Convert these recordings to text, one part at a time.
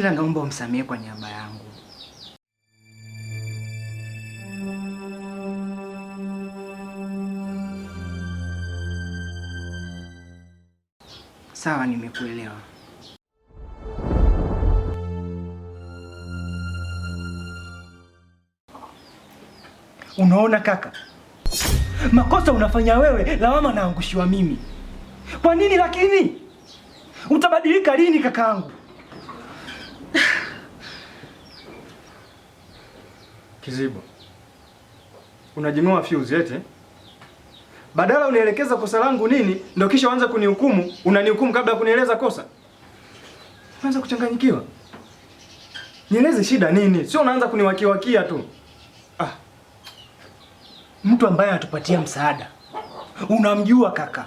ila naomba umsamehe kwa niaba yangu. Sawa, nimekuelewa. Unaona kaka, makosa unafanya wewe, lawama naangushiwa mimi. Kwa nini? Lakini utabadilika lini kakaangu? Kizibo, unajinua fuse eti badala unielekeza kosa langu nini, ndio kisha uanze kunihukumu. Unanihukumu kabla ya kunieleza kosa. Unaanza kuchanganyikiwa, nieleze shida nini? Sio unaanza kuniwakiwakia tu. Ah, mtu ambaye anatupatia msaada unamjua kaka,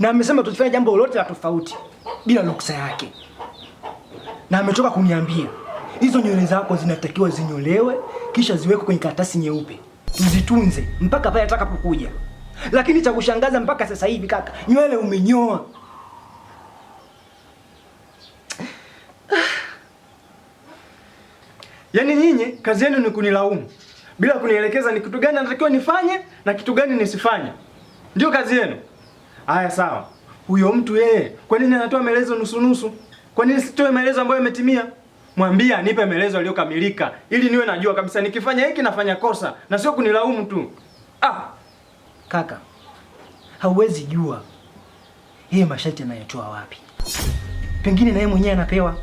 na amesema tufanye jambo lolote la tofauti bila ruksa yake, na ametoka kuniambia Hizo nywele zako zinatakiwa zinyolewe, kisha ziwekwe kwenye karatasi nyeupe, tuzitunze mpaka pale atakapokuja. Lakini cha kushangaza mpaka sasa hivi kaka, nywele umenyoa. Yaani nyinyi kazi yenu ni kunilaumu bila kunielekeza ni kitu gani natakiwa nifanye na kitu gani nisifanye. Ndio kazi yenu. Haya, sawa. Huyo mtu yeye, kwa nini anatoa maelezo nusu nusu? Kwa nini sitoe maelezo ambayo yametimia? mwambie anipe maelezo yaliyokamilika ili niwe najua kabisa nikifanya hiki nafanya kosa na sio kunilaumu tu. Ah, kaka, hauwezi jua yeye masharti anayotoa wapi, pengine naye mwenyewe anapewa.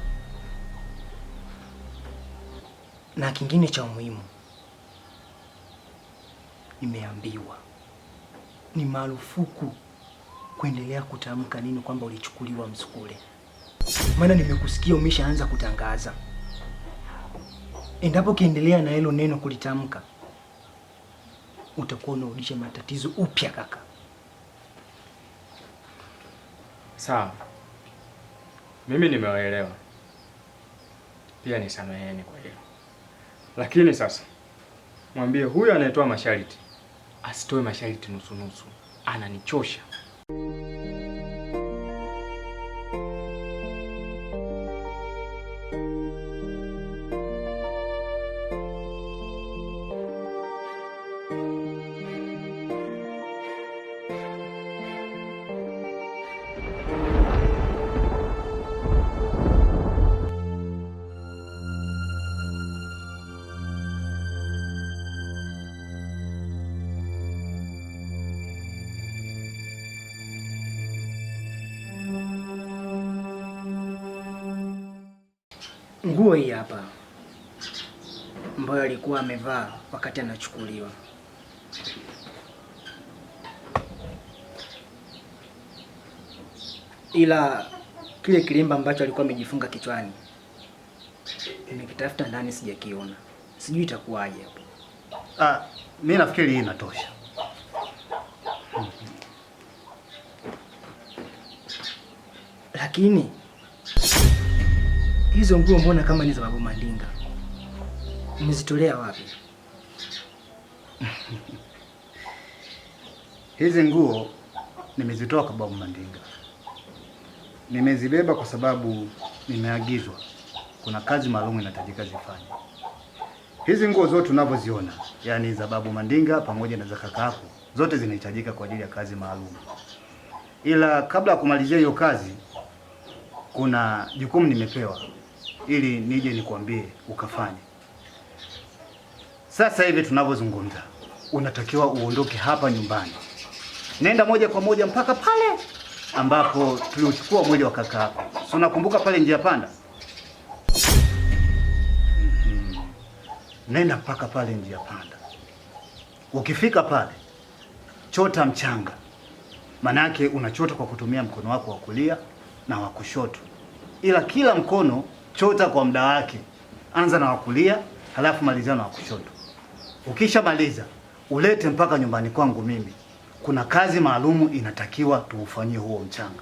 Na kingine cha umuhimu, nimeambiwa ni marufuku kuendelea kutamka nini kwamba ulichukuliwa msukule maana nimekusikia umeshaanza kutangaza. Endapo ukiendelea na hilo neno kulitamka, utakuwa unarudisha matatizo upya kaka. Sawa, mimi nimewaelewa, pia nisameheni kwa hiyo lakini sasa mwambie huyo anayetoa masharti asitoe masharti nusunusu, ananichosha. nguo hii hapa ambayo alikuwa amevaa wakati anachukuliwa. Ila kile kilemba ambacho alikuwa amejifunga kichwani nimekitafuta ndani, sijakiona, sijui itakuwaje hapo. Ah, mimi nafikiri hii inatosha. Lakini Hizo nguo mbona kama ni za babu Mandinga? Umezitolea wapi? Hizi nguo nimezitoa kwa babu Mandinga. Nimezibeba kwa sababu nimeagizwa, kuna kazi maalum inahitajika zifanye. Hizi nguo zote unavyoziona, yaani za babu Mandinga pamoja na za kakako, zote zinahitajika kwa ajili ya kazi maalum, ila kabla ya kumalizia hiyo kazi, kuna jukumu nimepewa ili nije nikwambie ukafanye. Sasa hivi tunavyozungumza, unatakiwa uondoke hapa nyumbani, nenda moja kwa moja mpaka pale ambapo tuliuchukua mwili wa kaka yako. Si unakumbuka pale njia panda? Mhm. Nenda mpaka pale njia panda. Ukifika pale, chota mchanga, manake unachota kwa kutumia mkono wako wa kulia na wa kushoto, ila kila mkono chota kwa muda wake. Anza na wakulia, halafu malizia na wakushoto. Ukishamaliza ulete mpaka nyumbani kwangu mimi. Kuna kazi maalumu inatakiwa tuufanyie huo mchanga.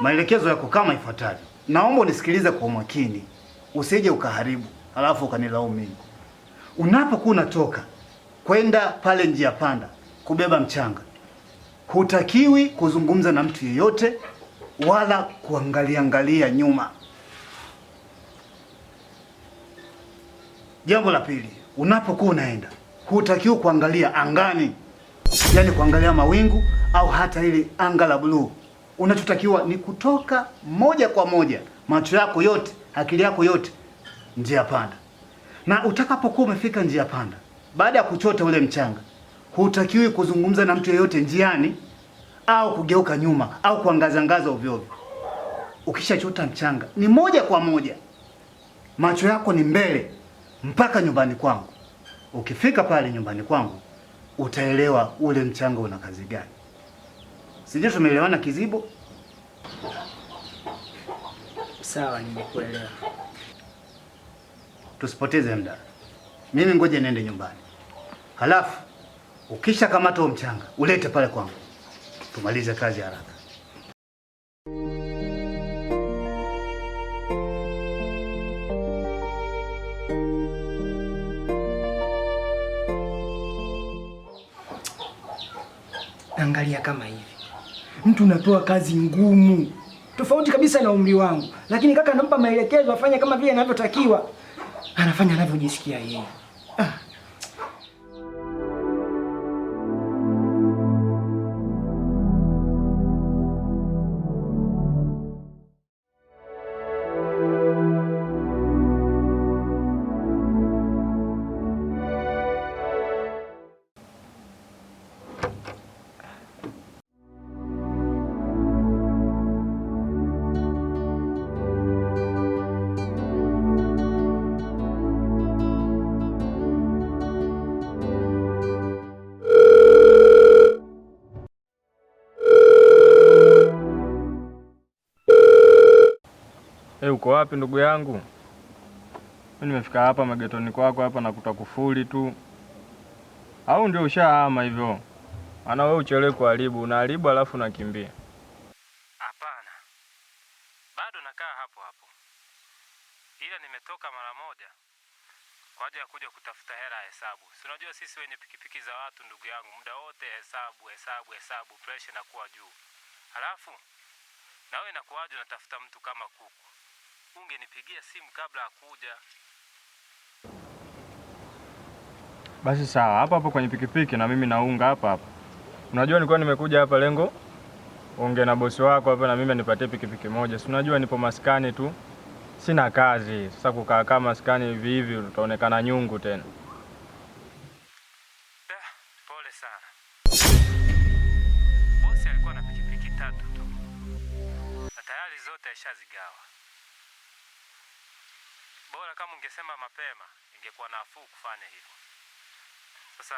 Maelekezo yako kama ifuatavyo. Naomba unisikilize kwa umakini, usije ukaharibu halafu ukanilaumu mimi. Unapokuwa unatoka kwenda pale njia panda kubeba mchanga, hutakiwi kuzungumza na mtu yeyote wala kuangalia angalia nyuma. Jambo la pili, unapokuwa unaenda hutakiwi kuangalia angani, yaani kuangalia mawingu au hata ili anga la bluu. Unachotakiwa ni kutoka moja kwa moja, macho yako yote, akili yako yote, njia panda. Na utakapokuwa umefika njia panda, baada ya kuchota ule mchanga, hutakiwi kuzungumza na mtu yeyote njiani au kugeuka nyuma au kuangazangaza ovyo ovyo. Ukishachota mchanga ni moja kwa moja, macho yako ni mbele mpaka nyumbani kwangu. Ukifika pale nyumbani kwangu utaelewa ule mchanga una kazi gani. Sijui tumeelewana Kizibo? Sawa, nimekuelewa. Tusipoteze muda, mimi ngoja niende nyumbani, halafu ukisha kamata huo mchanga ulete pale kwangu tumalize kazi haraka. Angalia kama hivi mtu unatoa kazi ngumu tofauti kabisa na umri wangu, lakini kaka anampa maelekezo afanye kama vile anavyotakiwa, anafanya anavyojisikia yeye. Hey, eh, uko wapi ndugu yangu? Mimi nimefika hapa magetoni kwako hapa nakuta kufuli tu, au ndio ushahama hivyo? Ana wewe uchelewe kuharibu, unaharibu alafu nakimbia. Hapana, bado nakaa hapo hapo, ila nimetoka mara moja kwa ajili ya kuja kutafuta hela ya hesabu. Si unajua sisi wenye pikipiki za watu, ndugu yangu, muda wote hesabu hesabu hesabu, presha inakuwa juu. Alafu na wewe inakuwaje unatafuta mtu kama kuku ungenipigia simu kabla ya kuja. Basi sawa, hapo hapo kwenye pikipiki na mimi naunga hapa hapa. Unajua nilikuwa nimekuja hapa lengo unge na bosi wako hapa na mimi anipatie pikipiki moja. Si unajua nipo maskani tu, sina kazi. Sasa kukaa kama maskani hivi hivi utaonekana nyungu tena. Eh, Bora kama ungesema mapema, ingekuwa nafuu kufanya hivyo. Sasa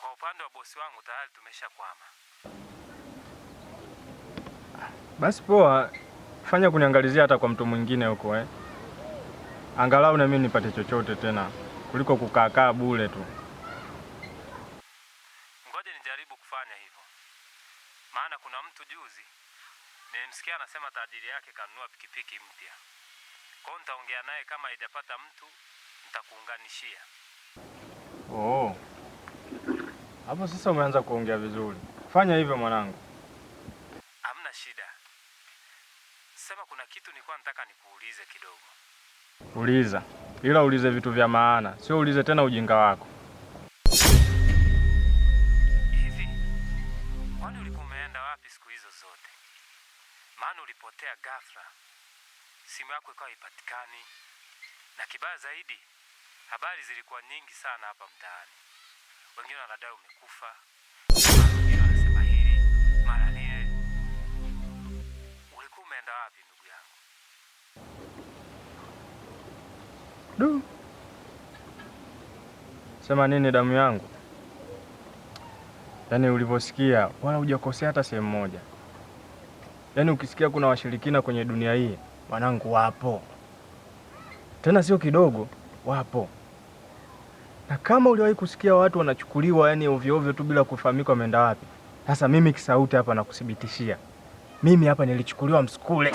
kwa upande wa bosi wangu tayari tumeshakwama. Basi poa, fanya kuniangalizia hata kwa mtu mwingine huko eh. Angalau na mimi nipate chochote tena kuliko kukaakaa bure tu. Ngoja nijaribu kufanya hivyo, maana kuna mtu juzi nilimsikia anasema tajiri yake kanunua pikipiki mpya. Kwa hiyo nitaongea naye, kama haijapata mtu nitakuunganishia. Oh, hapo sasa umeanza kuongea vizuri. Fanya hivyo mwanangu, hamna shida. Sema, kuna kitu nilikuwa nataka nikuulize kidogo. Uliza, ila ulize vitu vya maana, sio ulize tena ujinga wako. Du, sema nini damu yangu? Yaani ulivyosikia wala hujakosea hata sehemu moja. Yaani ukisikia kuna washirikina kwenye dunia hii, mwanangu, wapo tena sio kidogo, wapo. Na kama uliwahi kusikia watu wanachukuliwa yani ovyo ovyo tu bila kufahamika wameenda wapi, sasa mimi Kisauti hapa nakuthibitishia, mimi hapa nilichukuliwa Msukule.